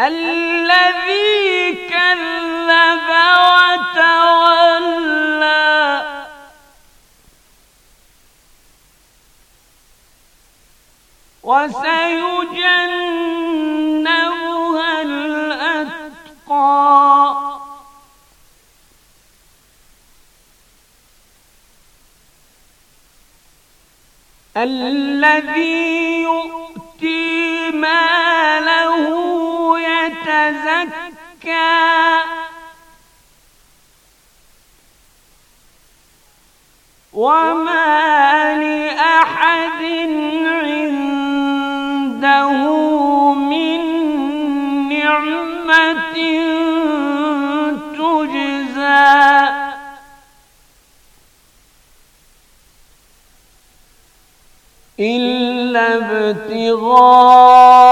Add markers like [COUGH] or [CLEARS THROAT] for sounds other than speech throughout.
الذي كذب وتولى وسيجنبها الأتقى الذي يؤتي ماله وما لأحد عنده من نعمة تجزى إلا ابتغاء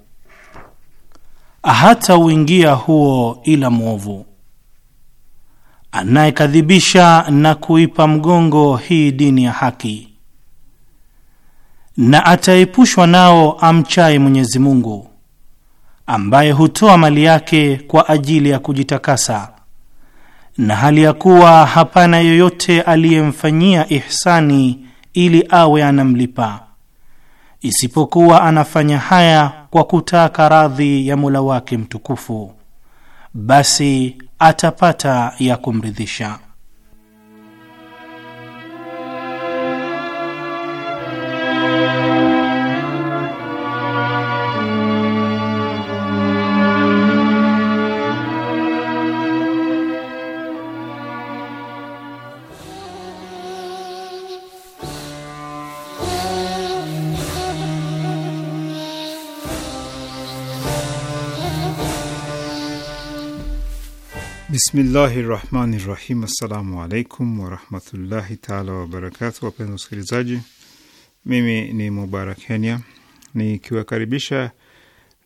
hata uingia huo ila mwovu. Anayekadhibisha na kuipa mgongo hii dini ya haki, na ataepushwa nao amchaye Mwenyezi Mungu, ambaye hutoa mali yake kwa ajili ya kujitakasa, na hali ya kuwa hapana yoyote aliyemfanyia ihsani ili awe anamlipa isipokuwa anafanya haya kwa kutaka radhi ya Mola wake mtukufu, basi atapata ya kumridhisha. Bismillahi rahmani rahim. Assalamu alaikum warahmatullahi taala wabarakatu. Wapenzi wasikilizaji, mimi ni Mubarak Kenya nikiwakaribisha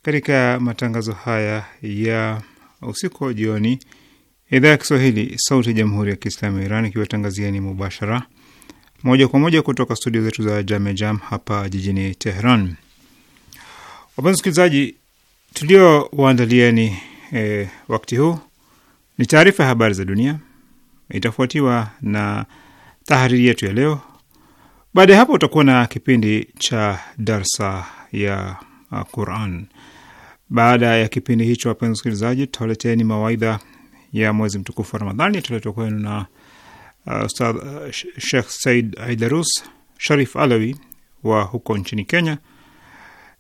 katika matangazo haya ya usiku wa jioni, idhaa ya Kiswahili sauti ya jamhuri ya Kiislamu ya Iran ni mubashara moja kwa moja kutoka studio zetu za Jamejam hapa jijini Tehran. Wapenzi wasikilizaji, tuliowaandalieni eh, wakti huu ni taarifa ya habari za dunia, itafuatiwa na tahariri yetu ya leo. Baada ya hapo, utakuwa na kipindi cha darsa ya uh, Quran. Baada ya kipindi hicho, wapenzi wasikilizaji, tutawaleteni mawaidha ya mwezi mtukufu wa Ramadhani yataletwa kwenu na uh, Ustadh uh, Shekh Said Aidarus Sharif Alawi wa huko nchini Kenya.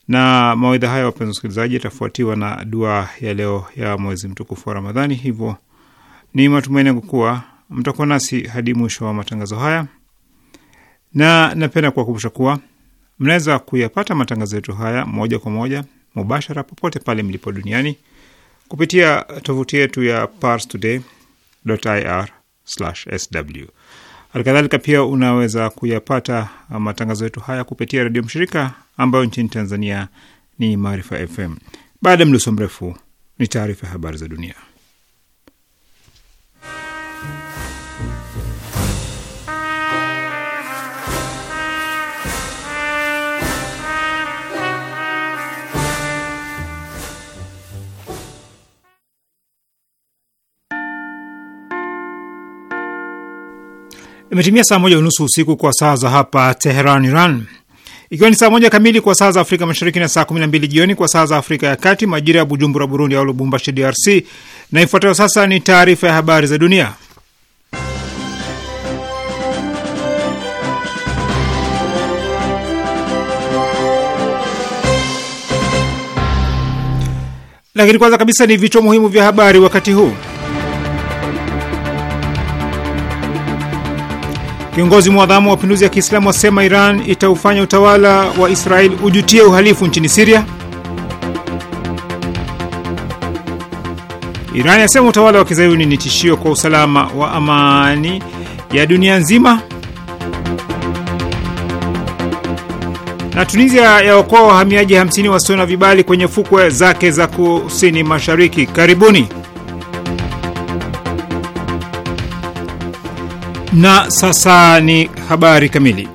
Na mawaidha haya, wapenzi wasikilizaji, yatafuatiwa na dua ya leo ya mwezi mtukufu wa Ramadhani. Hivyo ni matumaini yangu kuwa mtakuwa nasi hadi mwisho wa matangazo haya, na napenda kuwakumbusha kuwa mnaweza kuyapata matangazo yetu haya moja kwa moja mubashara popote pale mlipo duniani kupitia tovuti yetu ya parstoday.ir/sw. Halikadhalika pia unaweza kuyapata matangazo yetu haya kupitia redio mshirika ambayo nchini Tanzania ni Maarifa FM. Baada ya mluso mrefu ni taarifa ya habari za dunia. Imetimia saa moja unusu usiku kwa saa za hapa Teheran, Iran, ikiwa ni saa moja kamili kwa saa za Afrika Mashariki na saa kumi na mbili jioni kwa saa za Afrika ya Kati, majira ya Bujumbura, Burundi au Lubumbashi, DRC. Na ifuatayo sasa ni taarifa ya habari za dunia, lakini kwanza kabisa ni vichwa muhimu vya habari wakati huu. Kiongozi mwadhamu wa mapinduzi ya Kiislamu asema Iran itaufanya utawala wa Israel ujutie uhalifu nchini Siria. Iran yasema utawala wa kizayuni ni tishio kwa usalama wa amani ya dunia nzima. Na Tunisia yaokoa wahamiaji 50 wasio na vibali kwenye fukwe zake za kusini mashariki. Karibuni. Na sasa ni habari kamili.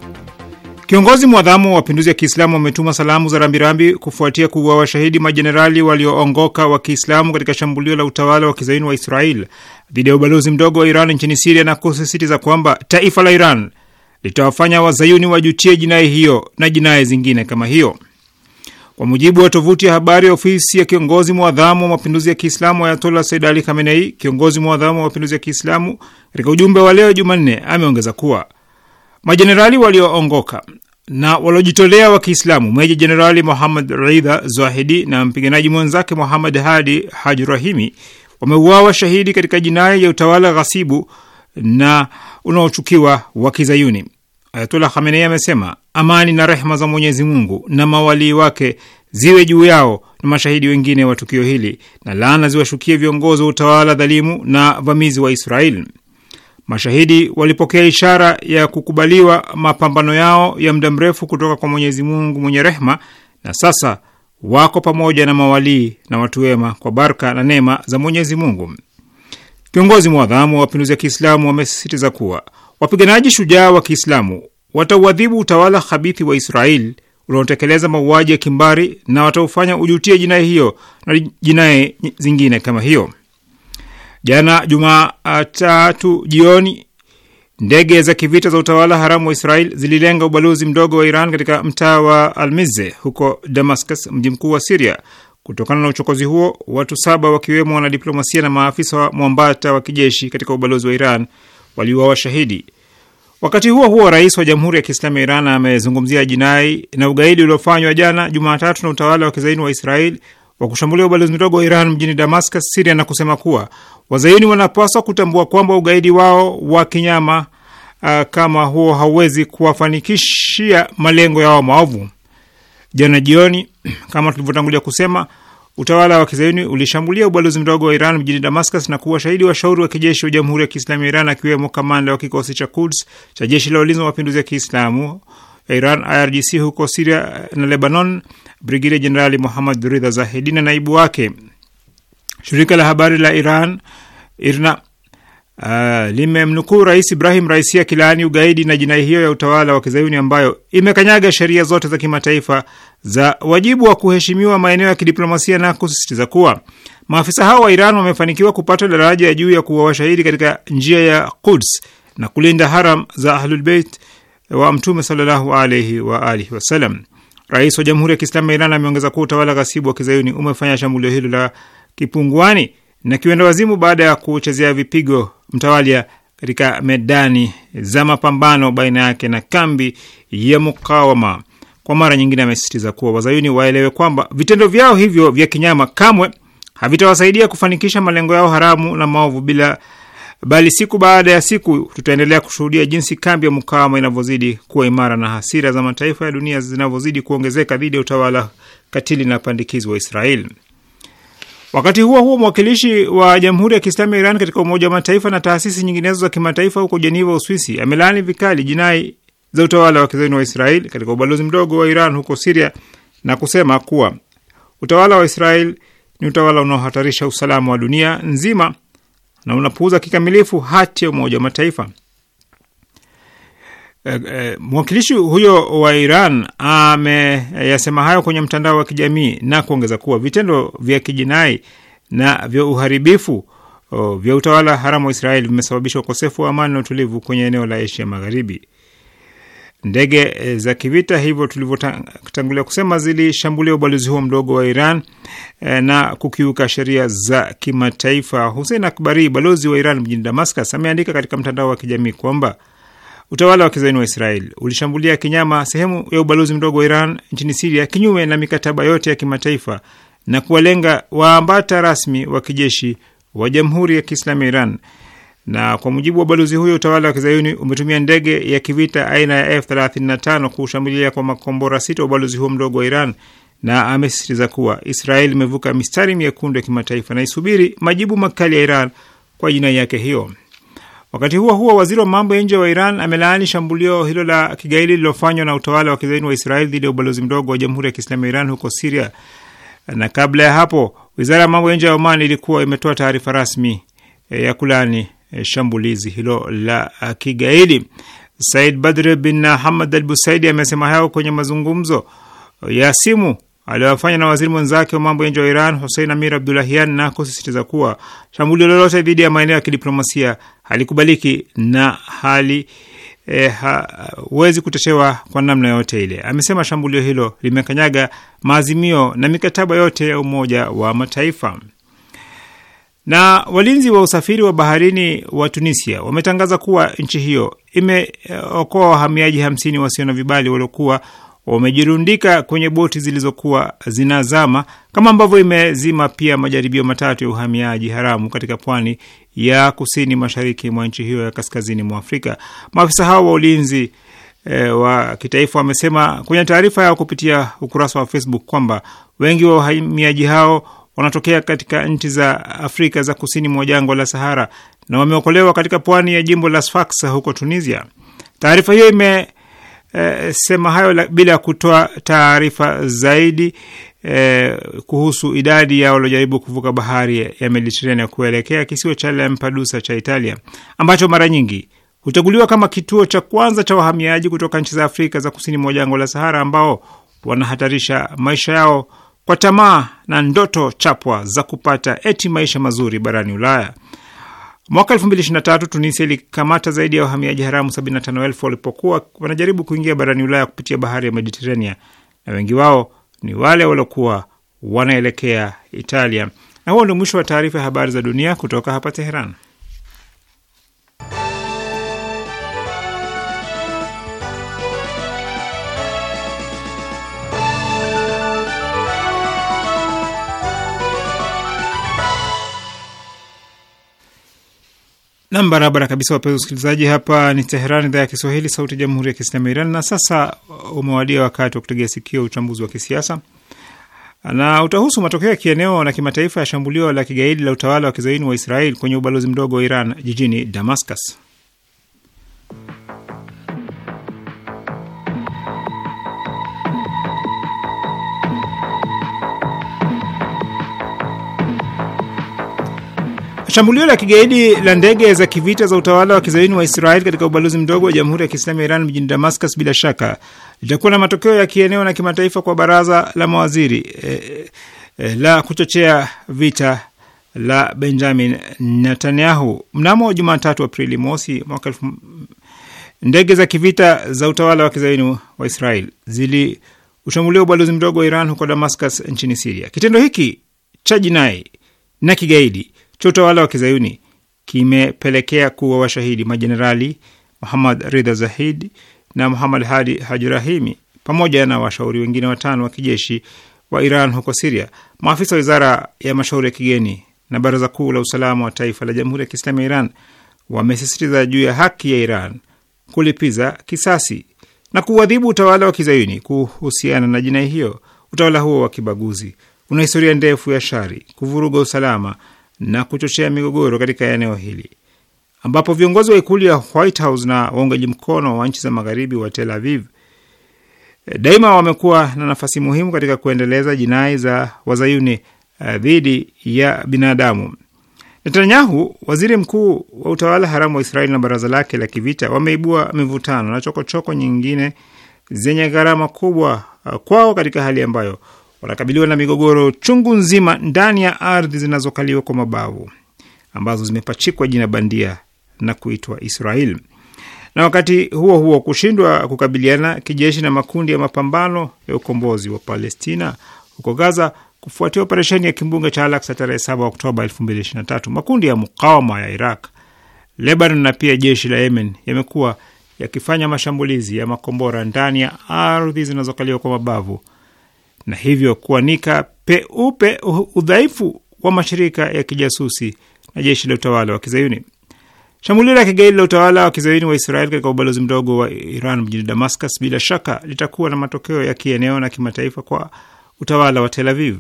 Kiongozi mwadhamu wa mapinduzi ya Kiislamu wametuma salamu za rambirambi kufuatia kuwa washahidi majenerali walioongoka wa Kiislamu katika shambulio la utawala wa kizaini wa Israel dhidi ya ubalozi mdogo wa Iran nchini Siria na kusisitiza kwamba taifa la Iran litawafanya wazayuni wajutie jinai hiyo na jinai zingine kama hiyo. Kwa mujibu wa tovuti ya habari ya ofisi ya kiongozi mwadhamu wa mapinduzi ya Kiislamu Ayatollah Said Ali Khamenei, kiongozi mwadhamu wa mapinduzi ya Kiislamu, katika ujumbe wa leo Jumanne ameongeza kuwa majenerali walioongoka na waliojitolea wa Kiislamu Meja Jenerali Muhammad Ridha Zahidi na mpiganaji mwenzake Muhammad Hadi Haji Rahimi wameuawa shahidi katika jinai ya utawala ghasibu na unaochukiwa wa Kizayuni. Ayatullah Khamenei amesema amani na rehma za Mwenyezi Mungu na mawalii wake ziwe juu yao na mashahidi wengine wa tukio hili, na laana ziwashukie viongozi wa utawala dhalimu na vamizi wa Israeli. Mashahidi walipokea ishara ya kukubaliwa mapambano yao ya muda mrefu kutoka kwa Mwenyezi Mungu mwenye rehma, na sasa wako pamoja na mawalii na watu wema kwa baraka na neema za Mwenyezi Mungu. Kiongozi mwadhamu wa mapinduzi ya Kiislamu wamesisitiza kuwa Wapiganaji shujaa wa Kiislamu watauadhibu utawala habithi wa israel unaotekeleza mauaji ya kimbari na wataufanya ujutie jinai hiyo na jinai zingine kama hiyo. Jana Jumatatu jioni ndege za kivita za utawala haramu wa Israel zililenga ubalozi mdogo wa Iran katika mtaa wa Almize huko Damascus, mji mkuu wa Siria. Kutokana na uchokozi huo, watu saba wakiwemo wanadiplomasia na maafisa wa mwambata wa kijeshi katika ubalozi wa Iran waliuawa washahidi. Wakati huo huo, rais wa Jamhuri ya Kiislamu ya Iran amezungumzia jinai na ugaidi uliofanywa jana Jumatatu na utawala wa kizaini wa Israel wa kushambulia ubalozi mdogo wa Iran mjini Damascus, Siria, na kusema kuwa wazayuni wanapaswa kutambua kwamba ugaidi wao wa kinyama uh, kama huo hauwezi kuwafanikishia malengo yao maovu. Jana jioni, [CLEARS THROAT] kama tulivyotangulia kusema utawala wa kizayuni ulishambulia ubalozi mdogo wa Iran mjini Damascus na kuwashahidi washauri wa kijeshi wa Jamhuri ya Kiislamu ya Iran, akiwemo kamanda wa kikosi cha Kuds cha jeshi la walinzi wa mapinduzi ya Kiislamu ya Iran, IRGC, huko Siria na Lebanon, Brigedia Jenerali Muhammad Ridha zahidi na naibu wake. Shirika la habari la Iran IRNA uh, limemnukuu Rais Ibrahim Raisi akilaani ugaidi na jinai hiyo ya utawala wa kizayuni ambayo imekanyaga sheria zote za kimataifa za wajibu wa kuheshimiwa maeneo ya kidiplomasia na kusisitiza kuwa maafisa hao wa Iran wamefanikiwa kupata daraja ya juu ya kuwa washahidi katika njia ya Quds na kulinda haram za Ahlulbeit wa Mtume sallallahu alaihi wa alihi wasallam. Rais wa Jamhuri ya Kiislamu ya Iran ameongeza kuwa utawala ghasibu wa kizayuni umefanya shambulio hilo la kipunguani na kiwenda wazimu baada ya kuchezea vipigo mtawalia katika medani za mapambano baina yake na kambi ya mukawama. Kwa mara nyingine, amesisitiza kuwa wazayuni waelewe kwamba vitendo vyao hivyo vya kinyama kamwe havitawasaidia kufanikisha malengo yao haramu na maovu bila bali siku baada ya siku tutaendelea kushuhudia jinsi kambi ya mukawama inavyozidi kuwa imara na hasira za mataifa ya dunia zinavyozidi kuongezeka dhidi ya utawala katili na pandikizi wa Israeli. Wakati huo huo, mwakilishi wa Jamhuri ya Kiislamu ya Iran katika Umoja wa Mataifa na taasisi nyinginezo za kimataifa huko Jeniva, Uswisi, amelaani vikali jinai za utawala wa kizayuni wa Israel katika ubalozi mdogo wa Iran huko Siria na kusema kuwa utawala wa Israel ni utawala unaohatarisha usalama wa dunia nzima na unapuuza kikamilifu hati ya Umoja wa Mataifa. Eh, eh, mwakilishi huyo wa Iran ameyasema hayo kwenye mtandao wa kijamii na kuongeza kuwa vitendo vya kijinai na vya uharibifu vya utawala haramu wa Israeli vimesababisha ukosefu wa amani na utulivu kwenye eneo la Asia Magharibi. Ndege eh, za kivita hivyo tulivyotangulia kusema zilishambulia ubalozi huo mdogo wa Iran na kukiuka sheria za kimataifa. Hussein Akbari, balozi wa Iran mjini Damascus, ameandika katika mtandao wa kijamii kwamba Utawala wa kizaini wa Israel ulishambulia kinyama sehemu ya ubalozi mdogo wa Iran nchini Siria kinyume na mikataba yote ya kimataifa na kuwalenga waambata rasmi wa kijeshi wa Jamhuri ya Kiislamu ya Iran. Na kwa mujibu wa balozi huyo, utawala wa kizayuni umetumia ndege ya kivita aina ya F35 kuushambulia kwa makombora sita ubalozi huo mdogo wa Iran, na amesisitiza kuwa Israel imevuka mistari miekundu ya kimataifa na isubiri majibu makali ya Iran kwa jinai yake hiyo. Wakati huo huo, waziri wa mambo ya nje wa Iran amelaani shambulio hilo la kigaidi lililofanywa na utawala wa kizaini wa Israel dhidi ya ubalozi mdogo wa Jamhuri ya Kiislamu ya Iran huko Siria. Na kabla ya hapo, wizara ya mambo ya nje ya Oman ilikuwa imetoa taarifa rasmi eh, ya kulaani eh, shambulizi hilo la ah, kigaidi. Said Badr bin Hamad al Busaidi amesema hayo kwenye mazungumzo eh, ya simu aliyofanya na waziri mwenzake wa mambo ya nje wa Iran Hussein Amir Abdulahian na kusisitiza kuwa shambulio lolote dhidi ya maeneo ya kidiplomasia halikubaliki na hali e, eh, hawezi kutetewa kwa namna yote ile. Amesema shambulio hilo limekanyaga maazimio na mikataba yote ya Umoja wa Mataifa. Na walinzi wa usafiri wa baharini wa Tunisia wametangaza kuwa nchi hiyo imeokoa wahamiaji hamsini wasio na vibali waliokuwa wamejirundika kwenye boti zilizokuwa zinazama, kama ambavyo imezima pia majaribio matatu ya uhamiaji haramu katika pwani ya kusini mashariki mwa nchi hiyo ya kaskazini mwa Afrika. Maafisa hao wa ulinzi e, wa kitaifa wamesema kwenye taarifa yao kupitia ukurasa wa Facebook kwamba wengi wa wahamiaji hao wanatokea katika nchi za Afrika za kusini mwa jangwa la Sahara na wameokolewa katika pwani ya jimbo la Sfax huko Tunisia. Taarifa hiyo imesema eh, e, hayo la, bila kutoa taarifa zaidi eh, kuhusu idadi ya waliojaribu kuvuka bahari ya Mediterania kuelekea kisiwa cha Lampedusa cha Italia ambacho mara nyingi huchaguliwa kama kituo cha kwanza cha wahamiaji kutoka nchi za Afrika za kusini mwa jangwa la Sahara ambao wanahatarisha maisha yao kwa tamaa na ndoto chapwa za kupata eti maisha mazuri barani Ulaya. Mwaka 2023 Tunisia ilikamata zaidi ya wahamiaji haramu 75,000 walipokuwa wanajaribu kuingia barani Ulaya kupitia bahari ya Mediterania, na wengi wao ni wale waliokuwa wanaelekea Italia. Na huo ndio mwisho wa taarifa ya habari za dunia kutoka hapa Teheran. Nam, barabara kabisa, wapenzi wasikilizaji, hapa ni Teheran, idhaa ya Kiswahili, sauti ya jamhuri ya kiislamu ya Iran. Na sasa umewadia wakati wa kutegea sikio uchambuzi wa kisiasa na utahusu matokeo ya kieneo na kimataifa ya shambulio la kigaidi la utawala wa kizaini wa israel kwenye ubalozi mdogo wa Iran jijini Damascus. Shambulio la kigaidi la ndege za kivita za utawala wa kizaini wa Israeli katika ubalozi mdogo wa Jamhuri ya Kiislamu ya Iran mjini Damascus bila shaka litakuwa na matokeo ya kieneo na kimataifa kwa baraza la mawaziri eh, eh, la kuchochea vita la Benjamin Netanyahu. Mnamo Jumatatu Aprili mosi mwaka elfu ndege za kivita za utawala wa kizaini wa Israeli ziliushambulia ubalozi mdogo wa Iran huko Damascus nchini Siria. Kitendo hiki cha jinai na kigaidi cha utawala wa kizayuni kimepelekea kuwa washahidi majenerali Muhammad Ridha Zahid na Muhammad Hadi Haji Rahimi pamoja na washauri wengine watano wa kijeshi wa Iran huko Siria. Maafisa wa wizara ya mashauri ya kigeni na baraza kuu la usalama wa taifa la Jamhuri ya Kiislamu ya Iran wamesisitiza juu ya haki ya Iran kulipiza kisasi na kuadhibu utawala wa kizayuni kuhusiana na jinai hiyo. Utawala huo wa kibaguzi una historia ndefu ya shari, kuvuruga usalama na kuchochea migogoro katika eneo hili ambapo viongozi wa ikulu ya White House na waungaji mkono wa nchi za magharibi wa Tel Aviv eh, daima wamekuwa na nafasi muhimu katika kuendeleza jinai za wazayuni eh, dhidi ya binadamu. Netanyahu, waziri mkuu wa utawala haramu wa Israeli, na baraza lake la kivita wameibua mivutano na chokochoko -choko nyingine zenye gharama kubwa eh, kwao katika hali ambayo wanakabiliwa na migogoro chungu nzima ndani ya ardhi zinazokaliwa kwa mabavu ambazo zimepachikwa jina bandia na kuitwa Israel. Na wakati huo huo, kushindwa kukabiliana kijeshi na makundi ya mapambano ya ukombozi wa Palestina huko Gaza kufuatia operesheni ya kimbunga cha Alaksa tarehe 7 Oktoba 2023, makundi ya mukawama ya Iraq, Lebanon na pia jeshi la Yemen yamekuwa yakifanya mashambulizi ya makombora ndani ya ardhi zinazokaliwa kwa mabavu na hivyo kuanika peupe udhaifu wa mashirika ya kijasusi na jeshi la utawala wa kizayuni. Shambulio la kigaidi la utawala wa kizayuni wa Israel katika ubalozi mdogo wa Iran mjini Damascus bila shaka litakuwa na matokeo ya kieneo na kimataifa kwa utawala wa Tel Aviv.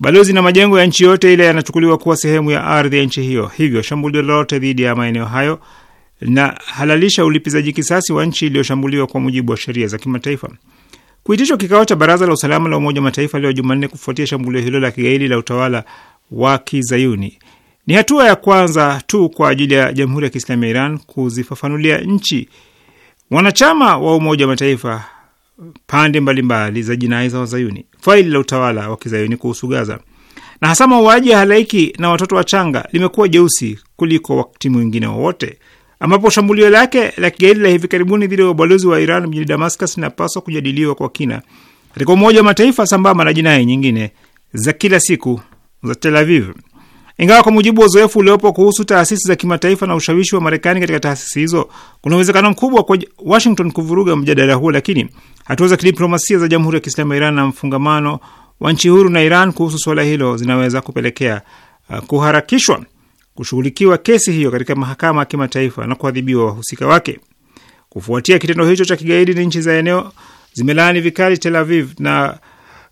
Balozi na majengo ya nchi yote ile yanachukuliwa kuwa sehemu ya ardhi ya nchi hiyo, hivyo shambulio lolote dhidi ya maeneo hayo linahalalisha ulipizaji kisasi wa nchi iliyoshambuliwa kwa mujibu wa sheria za kimataifa. Kuitishwa kikao cha baraza la usalama la Umoja wa Mataifa leo Jumanne kufuatia shambulio hilo la kigaidi la utawala wa kizayuni ni hatua ya kwanza tu kwa ajili ya Jamhuri ya Kiislamu ya Iran kuzifafanulia nchi wanachama wa Umoja wa Mataifa pande mbalimbali za jinai za wazayuni, faili la utawala wa kizayuni kuhusu Gaza na hasa mauaji ya halaiki na watoto wachanga limekuwa jeusi kuliko wakati mwingine wowote wa ambapo shambulio lake la kigaidi la hivi karibuni dhidi ya ubalozi wa Iran mjini Damascus linapaswa kujadiliwa kwa kina katika Umoja wa Mataifa sambamba na jinai nyingine za kila siku za Tel Aviv. Ingawa kwa mujibu wa uzoefu uliopo kuhusu taasisi za kimataifa na ushawishi wa Marekani katika taasisi hizo, kuna uwezekano mkubwa kwa Washington kuvuruga mjadala huo, lakini hatua za kidiplomasia za Jamhuri ya Kiislamu ya Iran na mfungamano wa nchi huru na Iran kuhusu suala hilo zinaweza kupelekea uh, kuharakishwa kushughulikiwa kesi hiyo katika mahakama ya kimataifa na kuadhibiwa wahusika wake. Kufuatia kitendo hicho cha kigaidi, ni nchi za eneo zimelaani vikali Tel Aviv na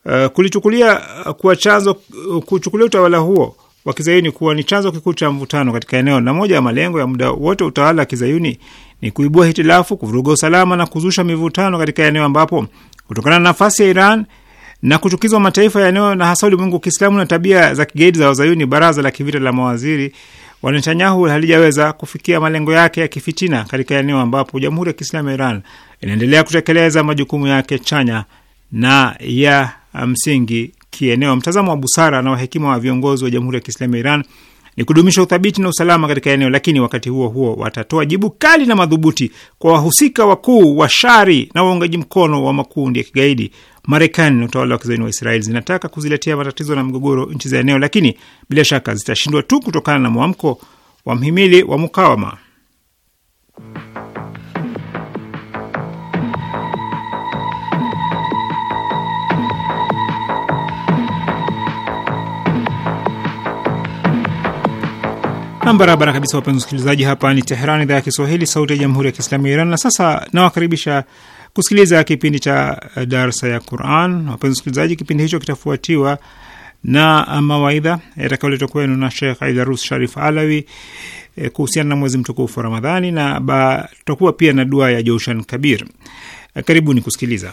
uh, kulichukulia eh, kuwa chanzo eh, kuchukulia utawala huo wa kizayuni kuwa ni chanzo kikuu cha mvutano katika eneo, na moja ya malengo ya muda wote utawala wa kizayuni ni kuibua hitilafu, kuvuruga usalama na kuzusha mivutano katika eneo ambapo kutokana na nafasi ya Iran na kuchukizwa mataifa ya eneo na hasa ulimwengu wa Kiislamu na tabia za kigaidi za Wazayuni, baraza la kivita la mawaziri wa Netanyahu halijaweza kufikia malengo yake ya kifitina katika eneo ambapo Jamhuri ya Kiislamu ya Iran inaendelea kutekeleza majukumu yake chanya na ya msingi kieneo. Mtazamo wa busara na wahekima wa viongozi wa Jamhuri ya Kiislamu ya Iran ni kudumisha uthabiti na usalama katika eneo, lakini wakati huo huo watatoa jibu kali na madhubuti kwa wahusika wakuu wa shari na waungaji mkono wa makundi ya kigaidi Marekani na utawala wa kizaini wa Israeli zinataka kuziletea matatizo na mgogoro nchi za eneo, lakini bila shaka zitashindwa tu kutokana na mwamko wa mhimili wa mukawama. Barabara kabisa, wapenzi wasikilizaji, hapa ni teheran idhaa ya Kiswahili, sauti ya jamhuri ya kiislamu ya Iran. Na sasa nawakaribisha kusikiliza kipindi cha eh, darsa ya Quran. Wapenzi wasikilizaji, kipindi hicho kitafuatiwa na eh, mawaidha yatakayoletwa kwenu na Shekh Aidarus Sharif Alawi e, kuhusiana na mwezi mtukufu wa Ramadhani, na tutakuwa pia na dua ya joshan Kabir. E, karibuni kusikiliza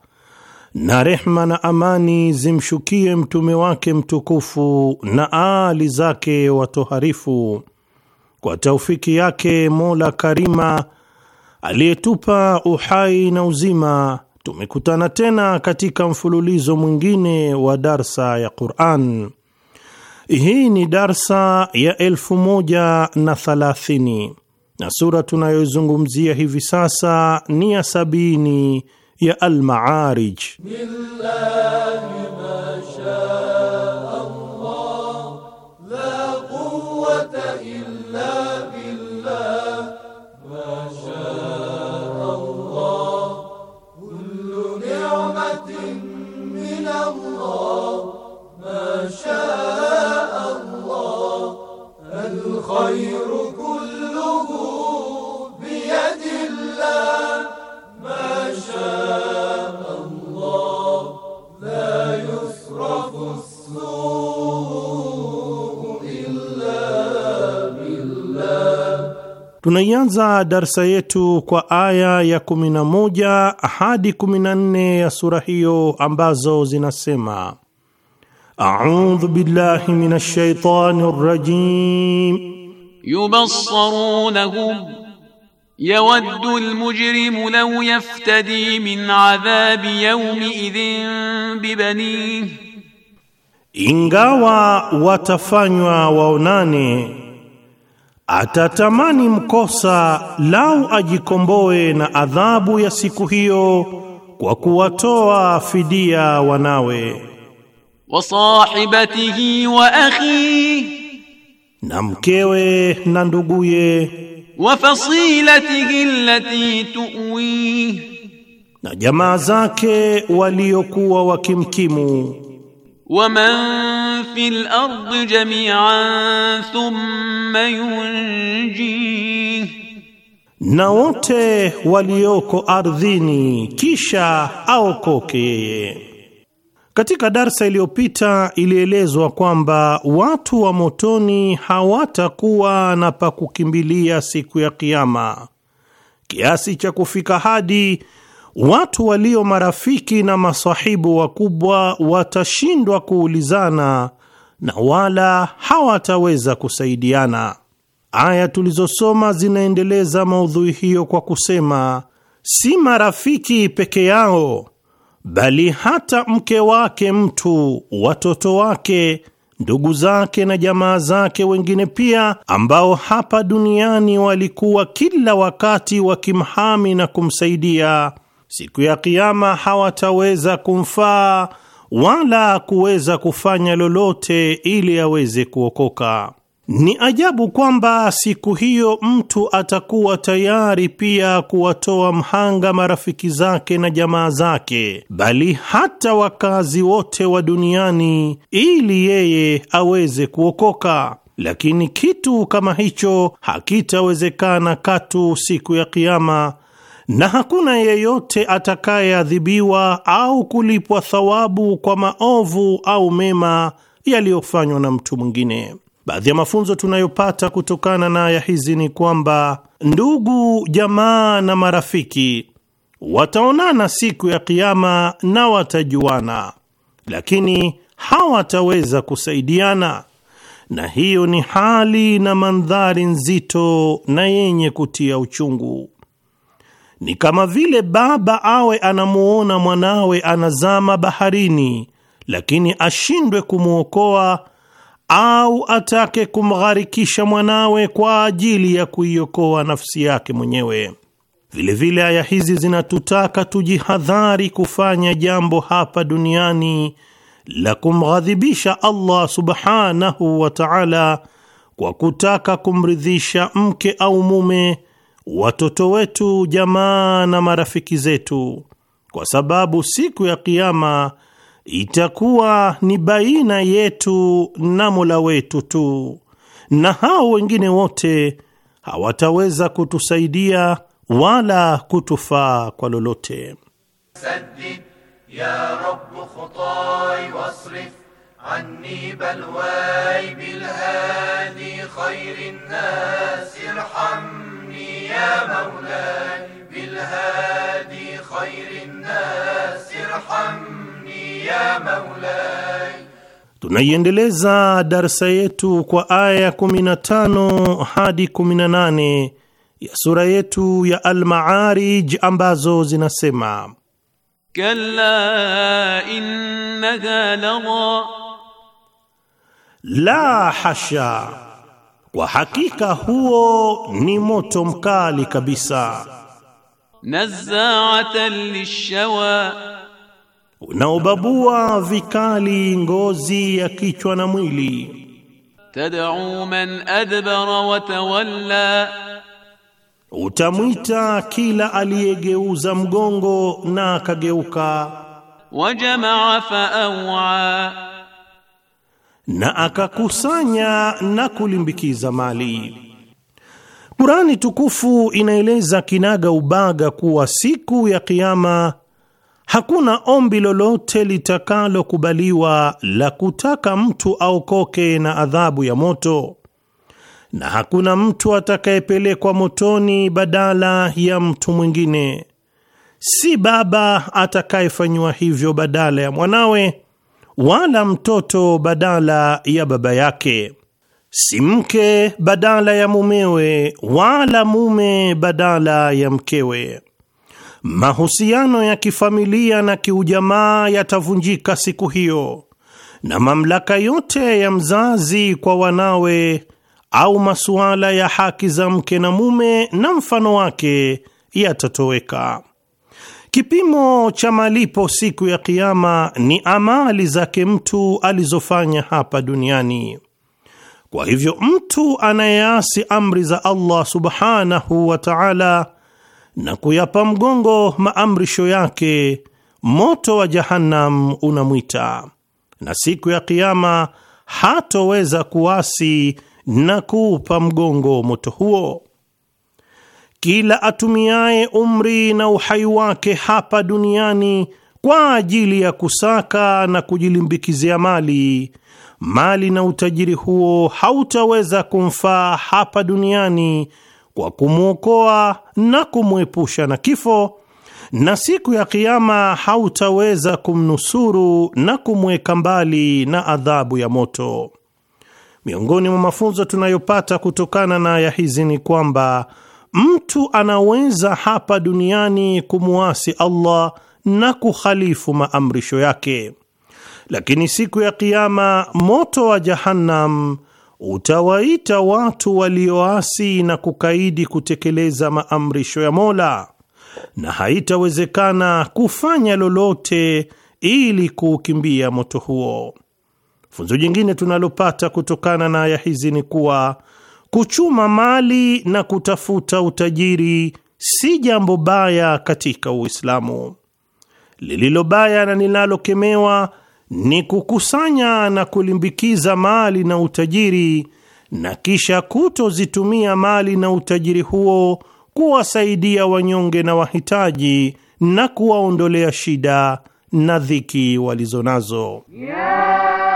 na rehma na amani zimshukie mtume wake mtukufu na aali zake watoharifu. Kwa taufiki yake Mola Karima aliyetupa uhai na uzima, tumekutana tena katika mfululizo mwingine wa darsa ya Quran. Hii ni darsa ya elfu moja na thalathini na sura tunayoizungumzia hivi sasa ni ya sabini يا المعارج بالله ما شاء الله لا قوة إلا بالله ما شاء الله كل نعمة من الله ما شاء الله الخير Tunaianza darsa yetu kwa aya ya 11 hadi 14 ya sura hiyo ambazo zinasema: audhu billahi minash shaitani rajim yubassarunahum يود المجرم لو يفتدي من عذاب يومئذ ببنيه, ingawa watafanywa waonane atatamani mkosa lau ajikomboe na adhabu ya siku hiyo kwa kuwatoa fidia wanawe, wa sahibatihi wa akhi, na mkewe na nduguye, wa fasilatihi allati tuwi, na jamaa zake waliokuwa wakimkimu ومن في الأرض جميعا ثم ينجيه na wote walioko ardhini kisha aokoke yeye. Katika darsa iliyopita ilielezwa kwamba watu wa motoni hawatakuwa na pa kukimbilia siku ya Kiama, kiasi cha kufika hadi watu walio marafiki na masahibu wakubwa watashindwa kuulizana na wala hawataweza kusaidiana. Aya tulizosoma zinaendeleza maudhui hiyo kwa kusema si marafiki peke yao, bali hata mke wake mtu, watoto wake, ndugu zake na jamaa zake wengine pia, ambao hapa duniani walikuwa kila wakati wakimhami na kumsaidia siku ya Kiama hawataweza kumfaa wala kuweza kufanya lolote ili aweze kuokoka. Ni ajabu kwamba siku hiyo mtu atakuwa tayari pia kuwatoa mhanga marafiki zake na jamaa zake, bali hata wakazi wote wa duniani ili yeye aweze kuokoka. Lakini kitu kama hicho hakitawezekana katu siku ya Kiama na hakuna yeyote atakayeadhibiwa au kulipwa thawabu kwa maovu au mema yaliyofanywa na mtu mwingine. Baadhi ya mafunzo tunayopata kutokana na aya hizi ni kwamba ndugu, jamaa na marafiki wataonana siku ya Kiama na watajuana, lakini hawataweza kusaidiana, na hiyo ni hali na mandhari nzito na yenye kutia uchungu. Ni kama vile baba awe anamuona mwanawe anazama baharini, lakini ashindwe kumwokoa au atake kumgharikisha mwanawe kwa ajili ya kuiokoa nafsi yake mwenyewe. Vilevile aya hizi zinatutaka tujihadhari kufanya jambo hapa duniani la kumghadhibisha Allah subhanahu wa ta'ala, kwa kutaka kumridhisha mke au mume watoto wetu, jamaa na marafiki zetu, kwa sababu siku ya Kiama itakuwa ni baina yetu na Mola wetu tu, na hao wengine wote hawataweza kutusaidia wala kutufaa kwa lolote. Saddid, ya عني بلواي بالهادي خير الناس ارحمني يا مولاي بالهادي خير الناس ارحمني يا مولاي Tunaiendeleza darsa yetu kwa aya 15 hadi 18 ya sura yetu ya al ambazo zinasema: Kalla innaha lagha la hasha, kwa hakika huo ni moto mkali kabisa. Nazaatan lishawa, unaobabua vikali ngozi ya kichwa na mwili. Tad'u man adbara wa tawalla, utamwita kila aliyegeuza mgongo na akageuka. Wajamaa faawa na akakusanya na kulimbikiza mali. Kurani tukufu inaeleza kinaga ubaga kuwa siku ya Kiama hakuna ombi lolote litakalokubaliwa la kutaka mtu aokoke na adhabu ya moto, na hakuna mtu atakayepelekwa motoni badala ya mtu mwingine, si baba atakayefanyiwa hivyo badala ya mwanawe wala mtoto badala ya baba yake, si mke badala ya mumewe, wala mume badala ya mkewe. Mahusiano ya kifamilia na kiujamaa yatavunjika siku hiyo, na mamlaka yote ya mzazi kwa wanawe au masuala ya haki za mke na mume na mfano wake yatatoweka. Kipimo cha malipo siku ya Kiama ni amali zake mtu alizofanya hapa duniani. Kwa hivyo mtu anayeasi amri za Allah subhanahu wa ta'ala na kuyapa mgongo maamrisho yake, moto wa Jahannam unamwita, na siku ya Kiama hatoweza kuasi na kuupa mgongo moto huo kila atumiaye umri na uhai wake hapa duniani kwa ajili ya kusaka na kujilimbikizia mali, mali na utajiri huo hautaweza kumfaa hapa duniani kwa kumwokoa na kumwepusha na kifo, na siku ya Kiama hautaweza kumnusuru na kumweka mbali na adhabu ya moto. Miongoni mwa mafunzo tunayopata kutokana na aya hizi ni kwamba mtu anaweza hapa duniani kumwasi Allah na kukhalifu maamrisho yake, lakini siku ya Kiama moto wa Jahannam utawaita watu walioasi na kukaidi kutekeleza maamrisho ya Mola, na haitawezekana kufanya lolote ili kuukimbia moto huo. Funzo jingine tunalopata kutokana na aya hizi ni kuwa Kuchuma mali na kutafuta utajiri si jambo baya katika Uislamu. Lililo baya na linalokemewa ni kukusanya na kulimbikiza mali na utajiri na kisha kutozitumia mali na utajiri huo kuwasaidia wanyonge na wahitaji na kuwaondolea shida na dhiki walizo nazo, yeah.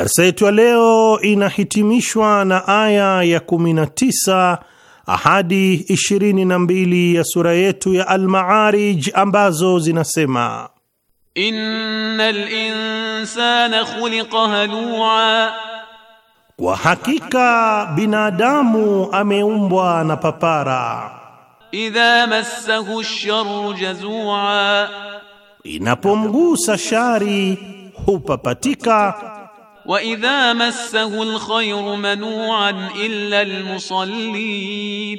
Darsa yetu ya leo inahitimishwa na aya ya 19 ahadi 22 ya sura yetu ya almaarij ambazo zinasema innal insana khuliqa halua, kwa hakika binadamu ameumbwa na papara. Idha massahu sharru jazua, inapomgusa shari hupapatika وإذا مسه الخير منوعا illa almusallin,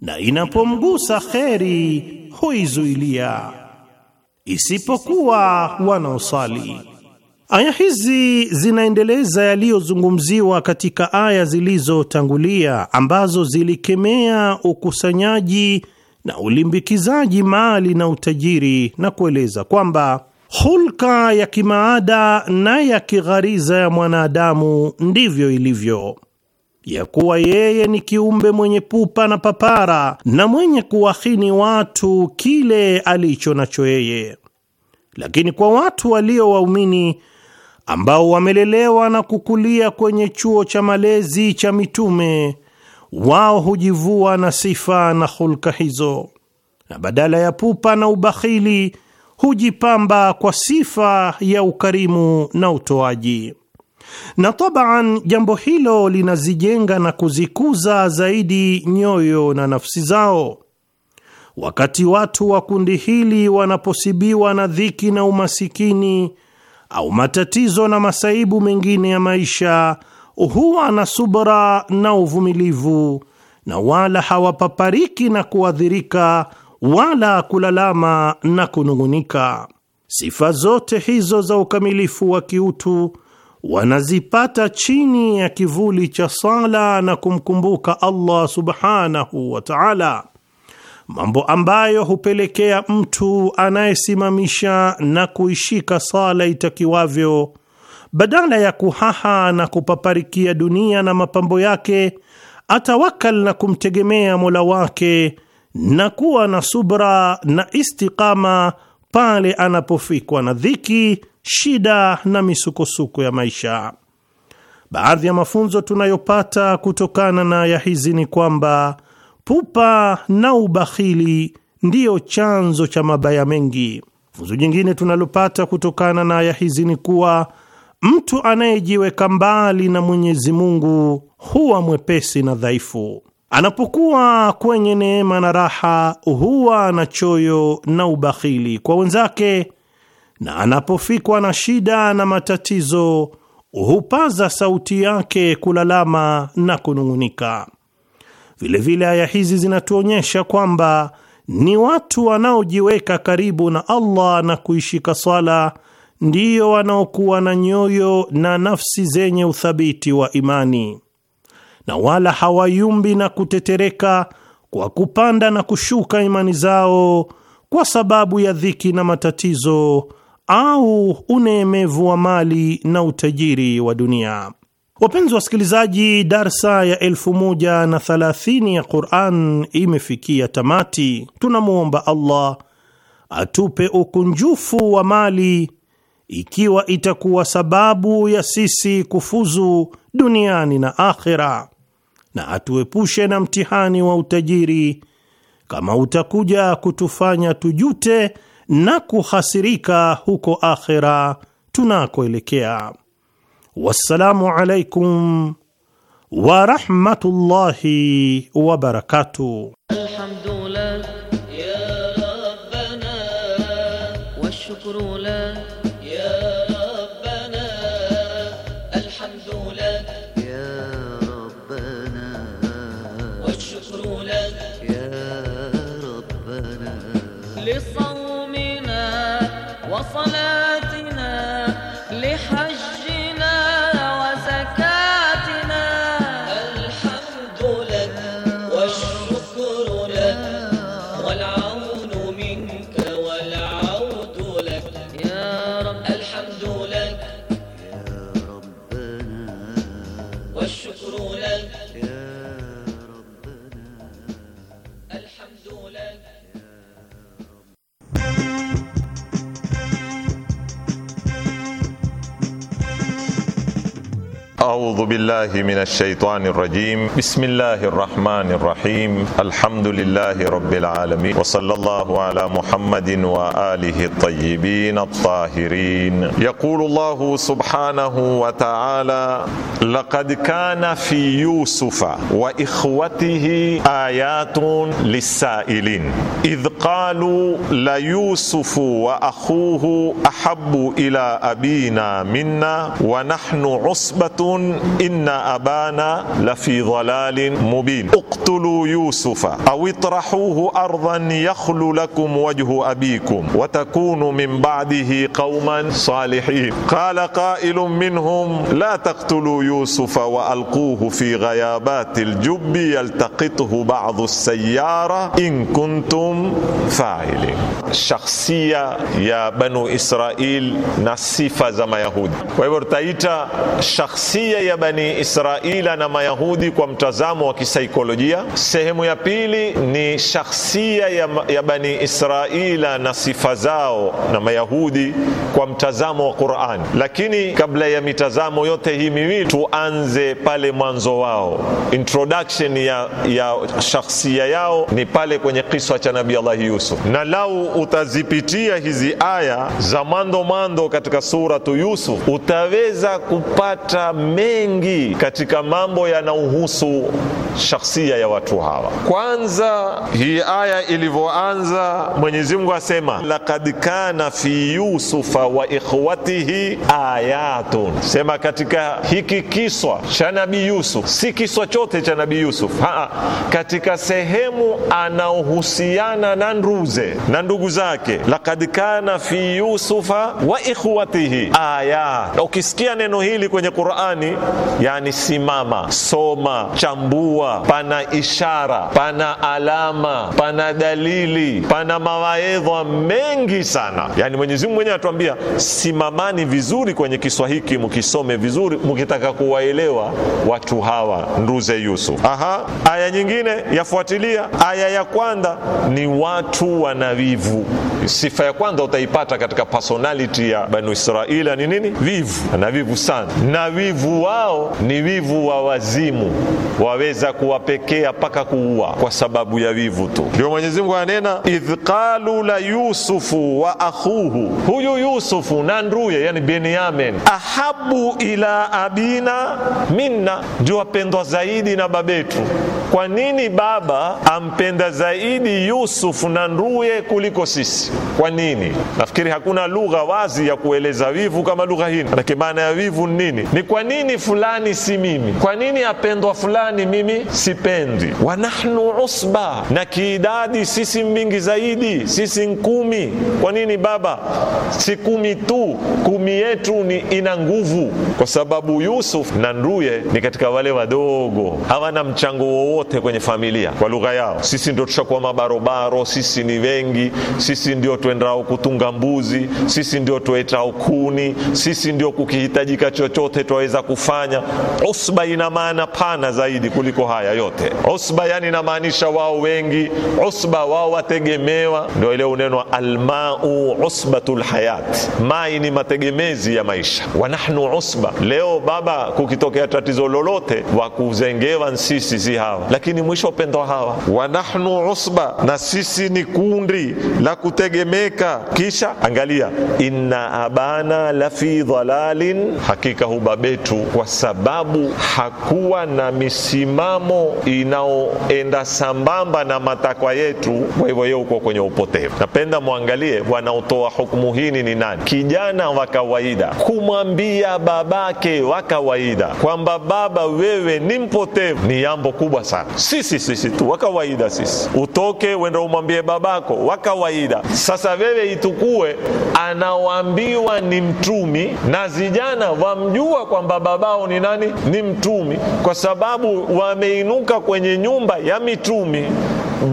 na inapomgusa kheri huizuilia isipokuwa wanaosali. Aya hizi zinaendeleza yaliyozungumziwa katika aya zilizotangulia ambazo zilikemea ukusanyaji na ulimbikizaji mali na utajiri na kueleza kwamba Hulka ya kimaada na ya kighariza ya mwanadamu ndivyo ilivyo, ya kuwa yeye ni kiumbe mwenye pupa na papara na mwenye kuwahini watu kile alicho nacho yeye. Lakini kwa watu walio waumini ambao wamelelewa na kukulia kwenye chuo cha malezi cha mitume, wao hujivua na sifa na hulka hizo, na badala ya pupa na ubakhili hujipamba kwa sifa ya ukarimu na utoaji, na tabaan, jambo hilo linazijenga na kuzikuza zaidi nyoyo na nafsi zao. Wakati watu wa kundi hili wanaposibiwa na dhiki na umasikini au matatizo na masaibu mengine ya maisha, huwa na subra na uvumilivu na wala hawapapariki na kuadhirika wala kulalama na kunung'unika. Sifa zote hizo za ukamilifu wa kiutu wanazipata chini ya kivuli cha sala na kumkumbuka Allah subhanahu wa ta'ala, mambo ambayo hupelekea mtu anayesimamisha na kuishika sala itakiwavyo, badala ya kuhaha na kupaparikia dunia na mapambo yake, atawakal na kumtegemea Mola wake na kuwa na subra na istiqama pale anapofikwa na dhiki, shida na misukosuko ya maisha. Baadhi ya mafunzo tunayopata kutokana na aya hizi ni kwamba pupa na ubakhili ndiyo chanzo cha mabaya mengi. Funzo jingine tunalopata kutokana na aya hizi ni kuwa mtu anayejiweka mbali na Mwenyezi Mungu huwa mwepesi na dhaifu. Anapokuwa kwenye neema na raha, huwa na choyo na ubakhili kwa wenzake, na anapofikwa na shida na matatizo, hupaza sauti yake kulalama na kunung'unika. Vilevile aya hizi zinatuonyesha kwamba ni watu wanaojiweka karibu na Allah na kuishika swala ndiyo wanaokuwa na nyoyo na nafsi zenye uthabiti wa imani na wala hawayumbi na kutetereka kwa kupanda na kushuka imani zao kwa sababu ya dhiki na matatizo au uneemevu wa mali na utajiri wa dunia. Wapenzi wasikilizaji, darsa ya elfu moja na thalathini ya Quran imefikia tamati. Tunamwomba Allah atupe ukunjufu wa mali ikiwa itakuwa sababu ya sisi kufuzu duniani na akhera na atuepushe na mtihani wa utajiri kama utakuja kutufanya tujute na kuhasirika huko akhera tunakoelekea. Wassalamu alaikum warahmatullahi wabarakatuh. أعوذ بالله من الشيطان الرجيم بسم الله الرحمن الرحيم الحمد لله رب العالمين وصلى الله على محمد وآله الطيبين الطاهرين يقول الله سبحانه وتعالى لقد كان في يوسف وإخوته آيات للسائلين إذ قالوا ليوسف وأخوه أحب إلى أبينا منا ونحن عصبة إن أبانا لفي ضلال مبين اقتلوا يوسف أو اطرحوه أرضا يخل لكم وجه أبيكم وتكونوا من بعده قوما صالحين قال قائل منهم لا تقتلوا يوسف وألقوه في غيابات الجب يلتقطه بعض السيارة إن كنتم فاعلين شخصية يا بنو إسرائيل na زما يهود Mayahudi. شخصية kadhia ya Bani Israila na Mayahudi kwa mtazamo wa kisaikolojia. Sehemu ya pili ni shakhsia ya, ya Bani Israila na sifa zao na Mayahudi kwa mtazamo wa Qurani. Lakini kabla ya mitazamo yote hii miwili, tuanze pale mwanzo wao. Introduction ya, ya shakhsia yao ni pale kwenye kiswa cha Nabii Allah Yusuf, na lau utazipitia hizi aya za mando katika suratu Yusuf utaweza kupata me mengi katika mambo yanayohusu shakhsia ya watu hawa. Kwanza hii aya ilivyoanza, Mwenyezi Mungu asema laqad kana fi yusufa wa ikhwatihi ayatun, sema katika hiki kiswa cha Nabii Yusuf, si kiswa chote cha Nabii Yusuf ha, katika sehemu anaohusiana na nduze na ndugu zake, laqad kana fi yusufa wa ikhwatihi ayat. Ukisikia neno hili kwenye Qur'ani yani, simama, soma, chambua. Pana ishara, pana alama, pana dalili, pana mawaedhwa mengi sana. Yani Mwenyezi Mungu mwenyewe atuambia simamani vizuri kwenye kiswa hiki, mukisome vizuri, mukitaka kuwaelewa watu hawa nduze Yusuf. Aha, aya nyingine yafuatilia aya ya kwanza ni watu wana wivu Sifa ya kwanza utaipata katika personality ya Banu Israila ni nini? Vivu, ana vivu sana na vivu wao ni wivu wa wazimu, waweza kuwapekea mpaka kuua kwa sababu ya wivu tu. Ndio Mwenyezi Mungu anena idh qalu la yusufu wa akhuhu, huyu Yusufu na nduye, yani Benyamin, ahabu ila abina minna, ndio wapendwa zaidi na babetu kwa nini baba ampenda zaidi Yusufu na nduye kuliko sisi? Kwa nini? Nafikiri hakuna lugha wazi ya kueleza wivu kama lugha hii. Manake maana ya wivu ni nini? Ni kwa nini fulani si mimi? Kwa nini apendwa fulani mimi sipendi? wa nahnu usba, na kiidadi sisi mingi zaidi, sisi nkumi. Kwa nini baba si kumi tu? Kumi yetu ni ina nguvu, kwa sababu Yusuf na nduye ni katika wale wadogo, hawana mchango wowote wote kwenye familia kwa lugha yao. Sisi ndio tushakuwa mabarobaro, sisi ni wengi, sisi ndio tuendao kutunga mbuzi, sisi ndio tuetao kuni, sisi ndio kukihitajika chochote twaweza kufanya. Usba ina maana pana zaidi kuliko haya yote. Usba yani inamaanisha wao wengi, usba wao wategemewa, ndio ile unenwa almau usbatul hayat, mai ni mategemezi ya maisha. Wa nahnu usba, leo baba, kukitokea tatizo lolote, wakuzengewa nsisi si hawa hawa, lakini mwisho upendo hawa, wa nahnu usba, na sisi ni kundi la kutegemeka. Kisha angalia, inna abana la fi dhalalin, hakika hubabetu, kwa sababu hakuwa na misimamo inaoenda sambamba na matakwa yetu, kwa hivyo yeye uko kwenye upotevu. Napenda mwangalie wanaotoa hukumu hini ni nani? Kijana wa kawaida kumwambia babake wa kawaida kwamba baba, wewe ni mpotevu, ni jambo kubwa sana sana. Sisi sisi tu wa kawaida sisi, utoke uende umwambie babako wa kawaida. Sasa wewe itukue anawaambiwa ni mtumi, na zijana wamjua kwamba babao ni nani? Ni mtumi, kwa sababu wameinuka kwenye nyumba ya mitumi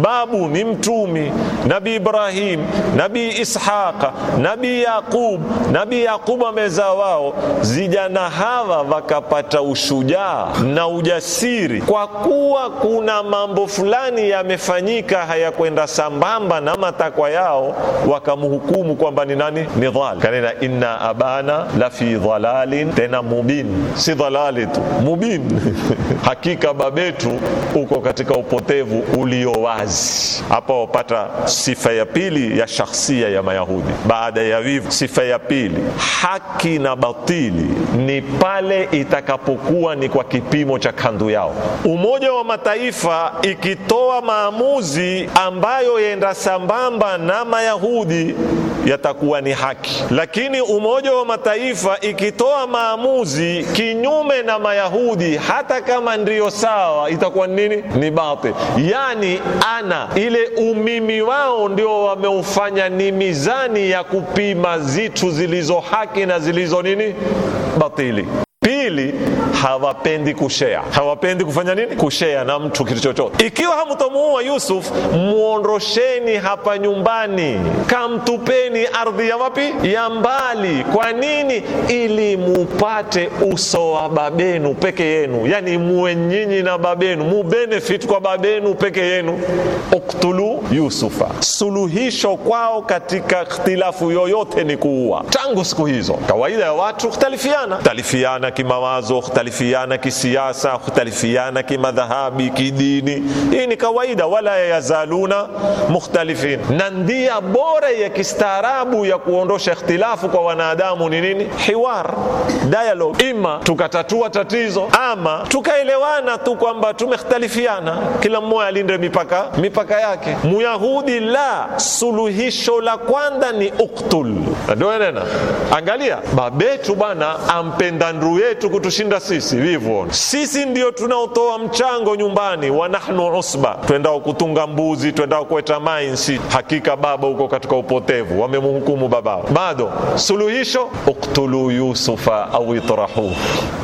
babu ni mtumi nabii Ibrahim, nabii Ishaqa, nabii Yaqub. Nabii Yaqub ameza wao, zijana hawa wakapata ushujaa na ujasiri, kwa kuwa kuna mambo fulani yamefanyika hayakwenda sambamba na matakwa yao, wakamhukumu kwamba ni nani? Ni dhali. Kanena inna abana la fi dhalalin tena mubin, si dhalali tu mubin [LAUGHS] hakika babetu uko katika upotevu ulio wazi. Hapo wapata sifa ya pili ya shakhsia ya Mayahudi. Baada ya hivyo, sifa ya pili, haki na batili ni pale itakapokuwa ni kwa kipimo cha kandu yao. Umoja wa Mataifa ikitoa maamuzi ambayo yaenda sambamba na Mayahudi yatakuwa ni haki, lakini Umoja wa Mataifa ikitoa maamuzi kinyume na Mayahudi, hata kama ndiyo sawa, itakuwa nini? Ni batil. Yani ana, ile umimi wao ndio wameufanya ni mizani ya kupima zitu zilizo haki na zilizo nini, batili. Pili, hawapendi kushea, hawapendi kufanya nini? Kushea na mtu kitu chochote. Ikiwa hamtomuua Yusuf, muondosheni hapa nyumbani, kamtupeni ardhi ya wapi? Ya mbali. Kwa nini? Ili mupate uso wa babenu peke yenu, yani muwe nyinyi na babenu, mu benefit kwa babenu peke yenu. Uktulu Yusufa, suluhisho kwao katika ikhtilafu yoyote ni kuua. Tangu siku hizo kawaida ya watu kutalifiana talifiana kimawazo, kutalifiana kisiasa, kutalifiana kimadhahabi, kidini. Hii ni kawaida, wala yazaluna mukhtalifin. Na ndia bora ya kistaarabu ya kuondosha ikhtilafu kwa wanadamu ni nini? Hiwar, dialogue. Ima tukatatua tatizo ama tukaelewana tu kwamba tumekhtalifiana, kila mmoja alinde mipaka mipaka yake. Muyahudi la suluhisho la kwanza ni uktul, ndio nena. Angalia babetu bana ampenda ndugu yetu kutushinda sisi vivyo sisi ndio tunaotoa mchango nyumbani wa nahnu usba twendao kutunga mbuzi twendao kuweta mainsi hakika baba huko katika upotevu wamemhukumu babao bado suluhisho uktulu yusufa au itrahuhu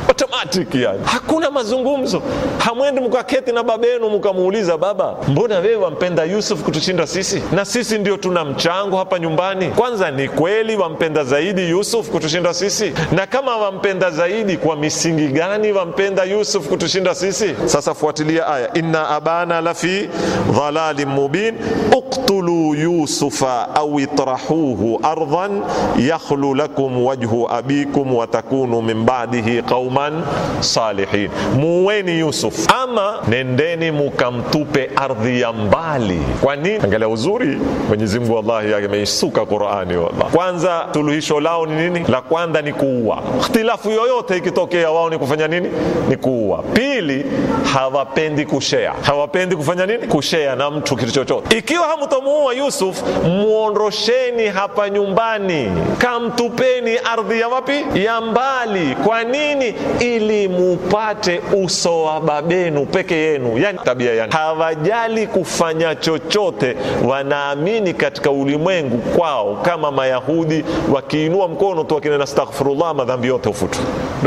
automatic yani hakuna mazungumzo hamwendi mkaketi na baba yenu mkamuuliza baba mbona wewe wampenda yusuf kutushinda sisi na sisi ndio tuna mchango hapa nyumbani kwanza ni kweli wampenda zaidi yusuf kutushinda sisi na kama wampenda zaidi zaidi kwa misingi gani wampenda Yusuf kutushinda sisi? Sasa fuatilia aya, inna abana lafi dhalalin mubin uktulu yusufa au itrahuhu ardhan yakhlu lakum wajhu abikum watakunu min ba'dihi qauman salihin, muweni Yusuf ama nendeni mukamtupe ardhi ya mbali. Kwa nini? Angalia uzuri Mwenyezi Mungu, wallahi ameisuka Qur'ani. Wallahi, kwanza suluhisho lao ni nini? La kwanza ni kuua, ikhtilafu yoyote ikitokea wao ni kufanya nini? Ni kuua. Pili, hawapendi kushea hawapendi kufanya nini? kushea na mtu kitu chochote. Ikiwa hamtomuua Yusuf, muondosheni hapa nyumbani, kamtupeni ardhi ya wapi? Ya mbali. Kwa nini? Ili mupate uso wa babenu peke yenu. Yani tabia yani, hawajali kufanya chochote, wanaamini katika ulimwengu kwao, kama Mayahudi wakiinua mkono tu wakinena astaghfirullah, madhambi yote ufutu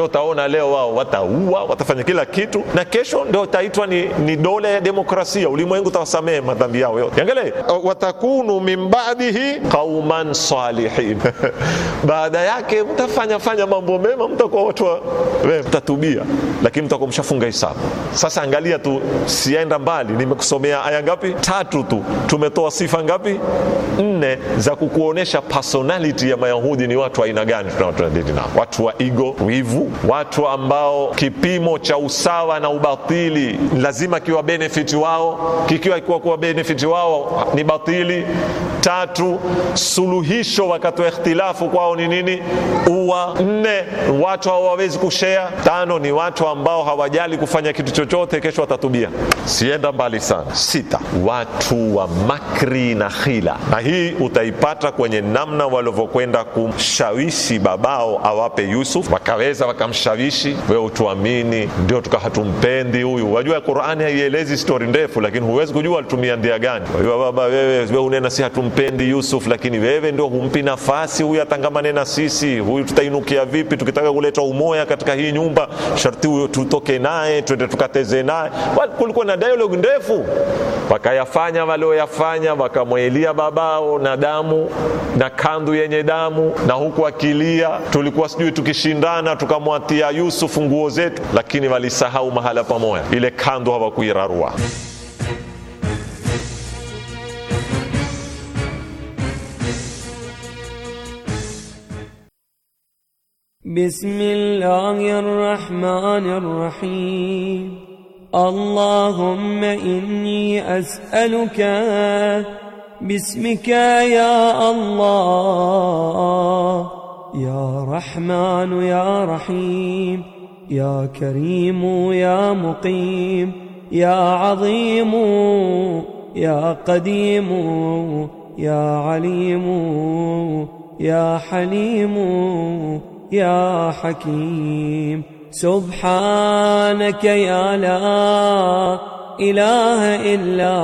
ndio utaona leo wao wataua, watafanya kila kitu, na kesho ndio utaitwa ni, ni dole ya demokrasia, ulimwengu utawasamehe madhambi yao yote. Angalia, uh, watakunu min ba'dihi qauman salihin [LAUGHS] baada yake mtafanya fanya mambo mema, mtakuwa watu wema, mtatubia, lakini mtakuwa mshafunga hisabu. Sasa angalia tu, sienda mbali, nimekusomea aya ngapi? Tatu tu. Tumetoa sifa ngapi? Nne, za kukuonesha personality ya Mayahudi ni watu aina gani, tunawatadili nao, watu wa ego, wivu, watu ambao kipimo cha usawa na ubatili lazima kiwa benefit wao, kikiwa kiwa kuwa benefit wao ni batili. Tatu, suluhisho wakati wa ikhtilafu kwao ni nini? Uwa. Nne, watu hawawezi kushea. Tano, ni watu ambao hawajali kufanya kitu chochote, kesho watatubia. Sienda mbali sana. Sita, watu wa makri na hila, na hii utaipata kwenye namna walivyokwenda kumshawishi babao awape Yusuf, wakaweza wakamshawishi, wewe utuamini, ndio tuka hatumpendi huyu. Wajua Qur'ani haielezi stori ndefu, lakini huwezi kujua alitumia ndia gani. Wajua baba wewe, we unena si hatumpendi Yusuf, lakini wewe ndio humpi nafasi huyu atangamane na sisi. Huyu tutainukia vipi? Tukitaka kuleta umoya katika hii nyumba, sharti huyo tutoke naye, twende tukateze naye. Kulikuwa na dialog ndefu, wakayafanya walioyafanya, wakamwelia babao na damu na kandu yenye damu, na huku akilia, tulikuwa sijui tukishindana tuka wakamwatia Yusufu nguo zetu, lakini walisahau mahala pamoja, ile kando hawakuirarua. بسم الله الرحمن الرحيم اللهم إني أسألك باسمك يا الله يا رحمن يا رحيم يا كريم يا مقيم يا عظيم يا قديم يا عليم يا حليم يا حكيم سبحانك يا لا إله إلا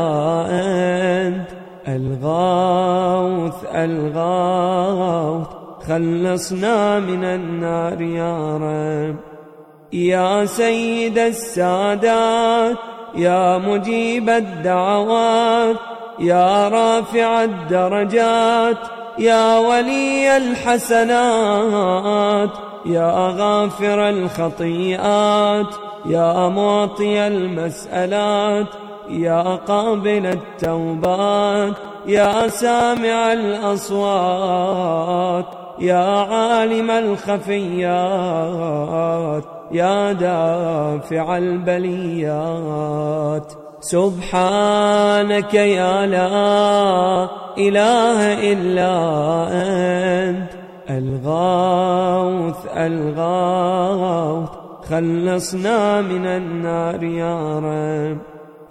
أنت الغاوث الغاوث خلصنا من النار يا رب يا سيد السادات يا مجيب الدعوات يا رافع الدرجات يا ولي الحسنات يا غافر الخطيئات يا معطي المسألات يا قابل التوبات يا سامع الأصوات يا عالم الخفيات يا دافع البليات سبحانك يا لا إله إلا أنت الغوث الغوث خلصنا من النار يا رب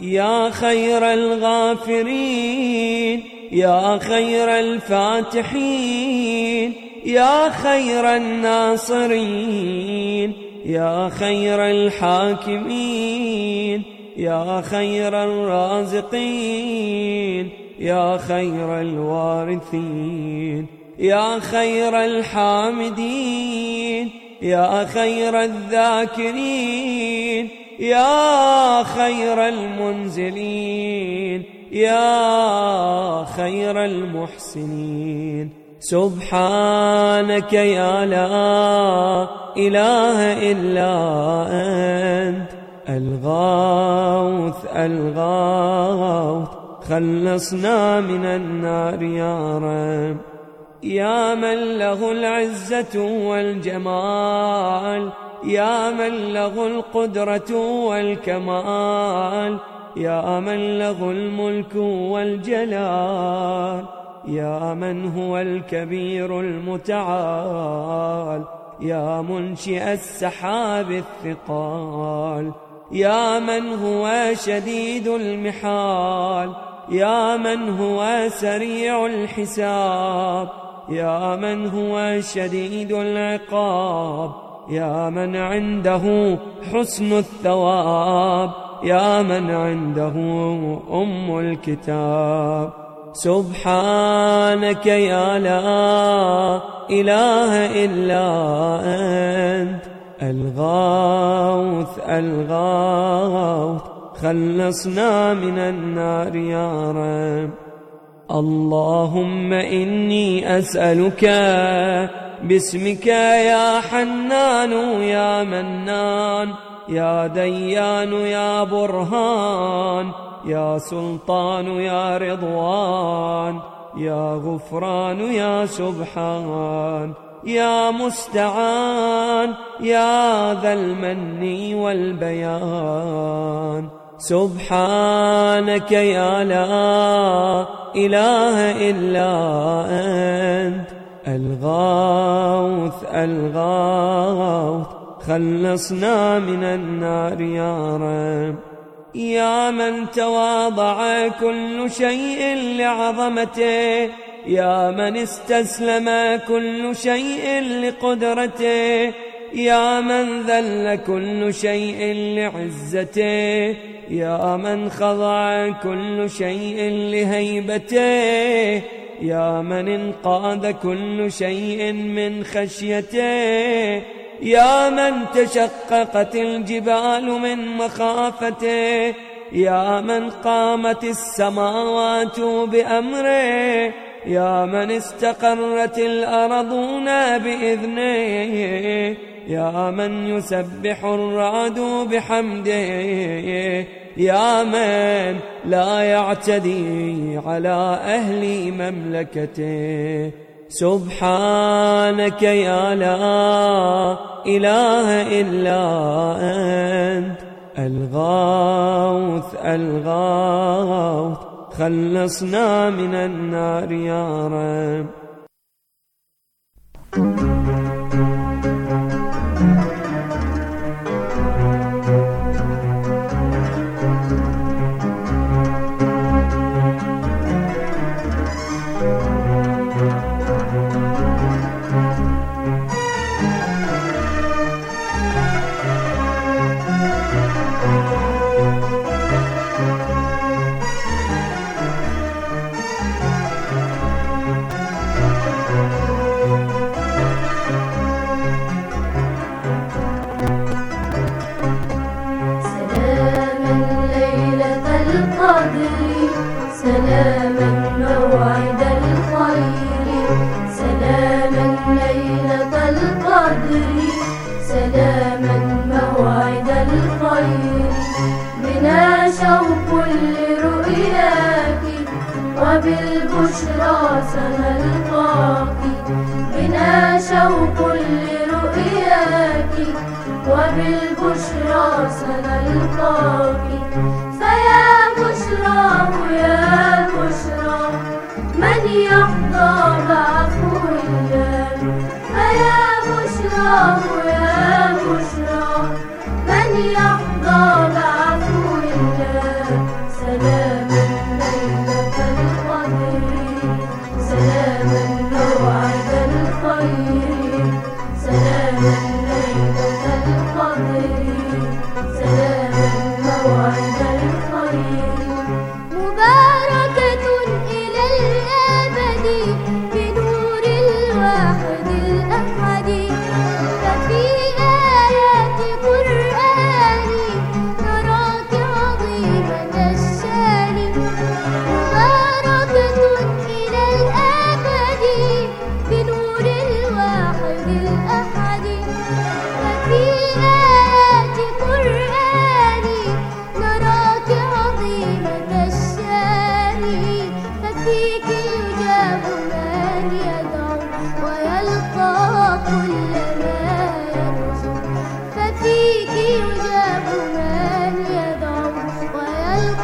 يا خير الغافرين يا خير الفاتحين يا خير الناصرين يا خير الحاكمين يا خير الرازقين يا خير الوارثين يا خير الحامدين يا خير الذاكرين يا خير المنزلين يا خير المحسنين سبحانك يا لا إله إلا أنت الغوث الغوث خلصنا من النار يا رب يا من له العزة والجمال يا من له القدرة والكمال يا من له الملك والجلال يا من هو الكبير المتعال يا منشئ السحاب الثقال يا من هو شديد المحال يا من هو سريع الحساب يا من هو شديد العقاب يا من عنده حسن الثواب يا من عنده أم الكتاب سبحانك يا لا إله إلا أنت الغوث الغوث خلصنا من النار يا رب اللهم إني أسألك باسمك يا حنان يا منان يا ديان يا برهان يا سلطان يا رضوان يا غفران يا سبحان يا مستعان يا ذا المن والبيان سبحانك يا لا إله إلا أنت الغوث الغوث خلصنا من النار يا رب يا من تواضع كل شيء لعظمته يا من استسلم كل شيء لقدرته يا من ذل كل شيء لعزته يا من خضع كل شيء لهيبته يا من انقاذ كل شيء من خشيته يا من تشققت الجبال من مخافته يا من قامت السماوات بأمره يا من استقرت الأرضون بإذنه يا من يسبح الرعد بحمده يا من لا يعتدي على أهل مملكته سبحانك يا لا إله إلا أنت الغوث الغوث خلصنا من النار يا رب كل رؤياك وبالبشرى سنلقاك فيا بشرى يا بشرى من يحظى بعفو الله فيا بشرى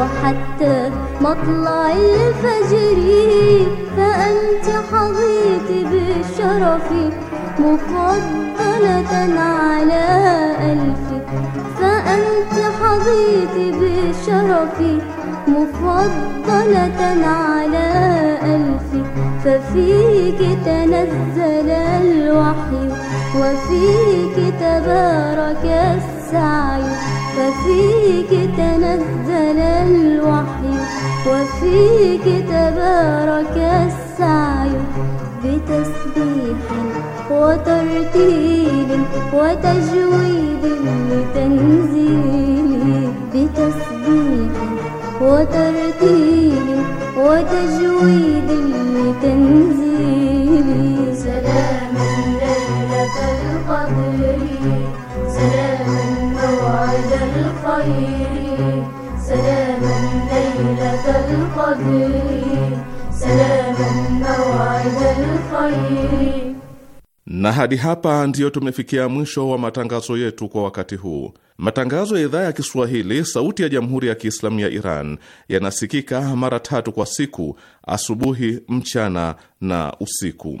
وحتى مطلع الفجر فأنت حظيت بالشرف مفضلة على ألف فأنت حظيت بالشرف مفضلة على ألف ففيك تنزل الوحي وفيك تبارك السعي ففيك تنزل الوحي وفيك تبارك السعي بتسبيح وترتيل وتجويد لتنزيل بتسبيح وترتيل وتجويد لتنزيل الخير سلاما ليلة القدر سلاما موعد الخير. Na hadi hapa ndiyo tumefikia mwisho wa matangazo yetu kwa wakati huu. Matangazo ya idhaa ya Kiswahili sauti ya Jamhuri ya Kiislamu ya Iran yanasikika mara tatu kwa siku: asubuhi, mchana na usiku.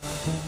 Thank you.